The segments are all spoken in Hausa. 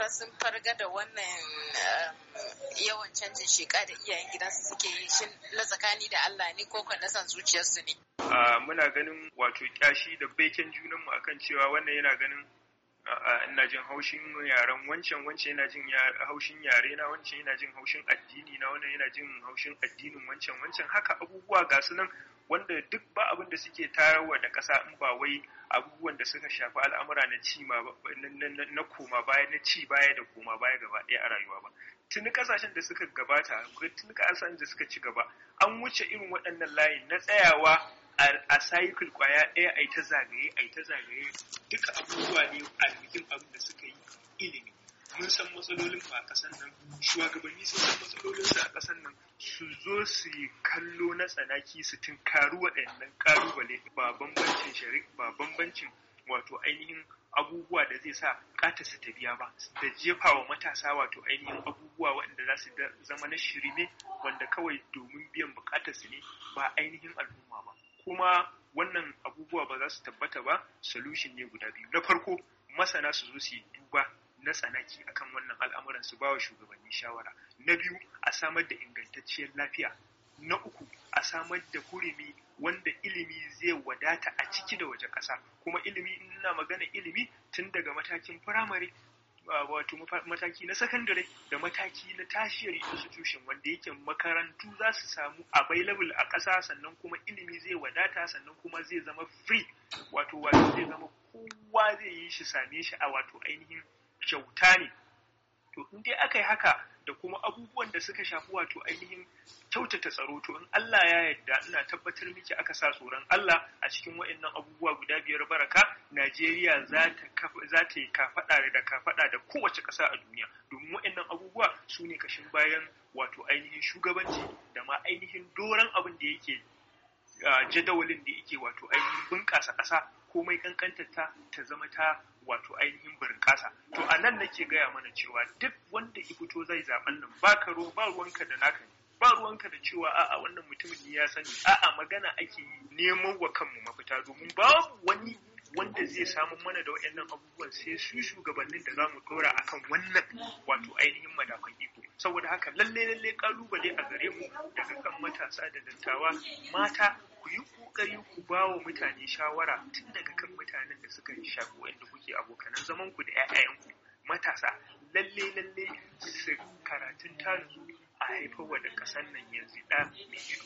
mata sun farga da wannan um, yawan canjin shekaru da iyayen gidansu suke yi shin na tsakani da Allah ne ko na san zuciyarsu ne. muna ganin wato kyashi da baikin junanmu akan cewa wannan yana ganin ina jin haushin yaren wancan wancan yana jin haushin yare na wancan yana jin haushin addini na wannan yana jin haushin addinin wancan wancan haka abubuwa ga su nan wanda duk ba abin da suke tarawa da ƙasa in ba wai abubuwan da suka shafi al'amura na ci na koma baya na ci baya da koma baya gaba ɗaya a rayuwa ba tuni kasashen da suka gabata tuni kasashen da suka ci gaba an wuce irin waɗannan layi na tsayawa a cycle kwaya ɗaya a ta zagaye a ta zagaye duka abubuwa ne a bikin abin da suka yi ilimi mun san matsalolin a ƙasar nan shugabanni sun san matsalolin su a ƙasar nan su zo su yi kallo na tsanaki su tunkaru waɗannan ƙalubale ba bambancin shari'a ba bambancin wato ainihin abubuwa da zai sa kata su ta biya ba da jefa wa matasa wato ainihin abubuwa waɗanda za su zama na shiri ne wanda kawai domin biyan buƙatar su ne ba ainihin al'umma ba kuma wannan abubuwa ba za su tabbata ba solution ne guda biyu na farko masana su zo su yi duba na tsanaki akan wannan al'amuran su bawa shugabanni shawara na biyu a samar da ingantacciyar lafiya na uku a samar da hurumi wanda ilimi zai wadata a ciki da waje ƙasa kuma ilimi ina magana ilimi tun daga matakin firamare wato mataki na sakandare da mataki na tashiyar institution wanda yake makarantu za su samu available a ƙasa sannan kuma ilimi zai wadata sannan kuma zai zama free wato wato zai zama kowa zai yi shi same shi a wato ainihin kyauta ne to in dai aka yi haka da kuma abubuwan da suka shafi wato ainihin kyautata tsaro to in Allah ya yarda ina tabbatar miki aka sa tsoron Allah a cikin waɗannan abubuwa guda biyar baraka Najeriya za ta za ta yi kafada da kafada da kowace ƙasa a duniya domin waɗannan abubuwa su ne kashin bayan wato ainihin shugabanci da ma ainihin doron abin da yake jadawalin da yake wato ainihin bunƙasa ƙasa komai kankantarta ta zama ta wato ainihin barin kasa to a nan nake gaya mana cewa duk wanda ya fito zai zaben nan ba ro ba ruwanka da naka ne ba ruwanka da cewa a'a wannan mutumin ya sani a'a magana ake yi neman wa kanmu mafita domin ba wani wanda zai samu mana da waɗannan abubuwan sai su shugabannin da za mu a kan wannan wato ainihin madafan iko saboda haka lalle lalle kalubale a gare mu daga kan matasa da dattawa mata ku yi kokari ku ba wa mutane shawara tun daga kan mutanen da suka yi shaku wanda kuke abokanan zaman ku da 'ya'yanku matasa lalle lalle su karatun tarihi a haifarwa da ƙasar nan yanzu ɗa mai ido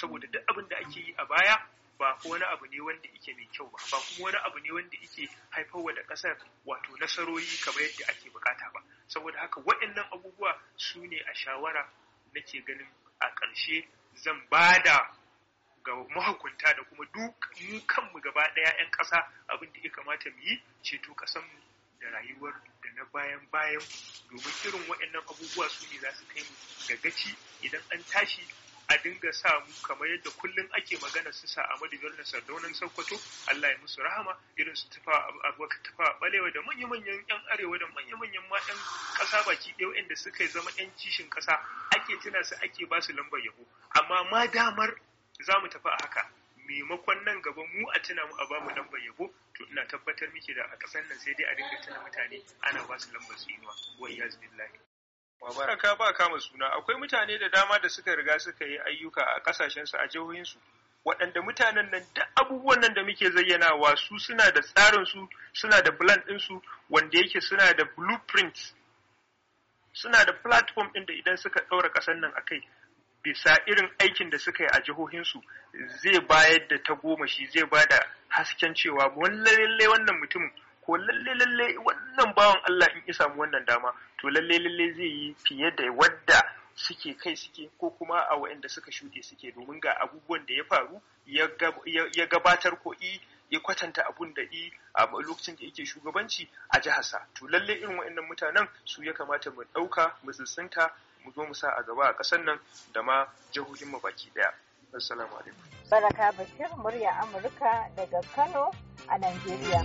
saboda duk abin da ake yi a baya ba wani abu ne wanda yake mai kyau ba ba kuma wani abu ne wanda ike haifarwa da ƙasar wato nasarori kamar yadda ake bukata ba saboda haka waɗannan abubuwa su ne a shawara nake ganin a ƙarshe zan ba da ga mahukunta da kuma duk mu kanmu gaba ɗaya 'yan ƙasa abin da ya kamata mu yi ceto mu da rayuwar da na bayan bayan domin irin waɗannan abubuwa su ne za su kai mu ga idan an tashi a dinga sa mu kamar yadda kullum ake magana su sa Amadu Bello Sardaunan Sokoto Allah ya musu rahama irin su tafa abubakar tafa balewa da manya-manyan yan arewa da manya-manyan ma yan kasa baki ɗaya waɗanda suka zama yan kishin ƙasa ake tuna su ake ba su lambar yabo amma ma damar za mu tafi a haka maimakon nan gaba mu a tuna mu a ba mu lambar yabo to ina tabbatar miki da a kasan nan sai dai a dinga tuna mutane ana ba su lambar su inuwa wa iyaz billahi Mubaraka ba kama suna akwai mutane da dama da suka riga suka yi ayyuka a kasashensu a jihohinsu waɗanda mutanen nan da abubuwan nan da muke zayyanawa su suna da tsarin su suna da plan su wanda yake suna da blueprint suna da platform ɗin da idan suka ɗaura ƙasar nan a kai bisa irin aikin da suka yi a jihohinsu zai bayar da tagomashi zai ba da hasken cewa lalle wannan mutumin ko lalle lalle wannan bawan Allah in isa mu wannan dama to lalle lalle zai yi fiye da wadda suke kai suke ko kuma a waɗanda suka shuɗe suke domin ga abubuwan da ya faru ya gabatar ko i ya kwatanta abun da i a lokacin da yake shugabanci a jiharsa to lalle irin waɗannan mutanen su ya kamata mu ɗauka mu tsintsinta mu zo mu sa a gaba a ƙasar nan da ma jihohin mu baki ɗaya assalamu alaikum baraka bashir murya amurka daga kano a Najeriya.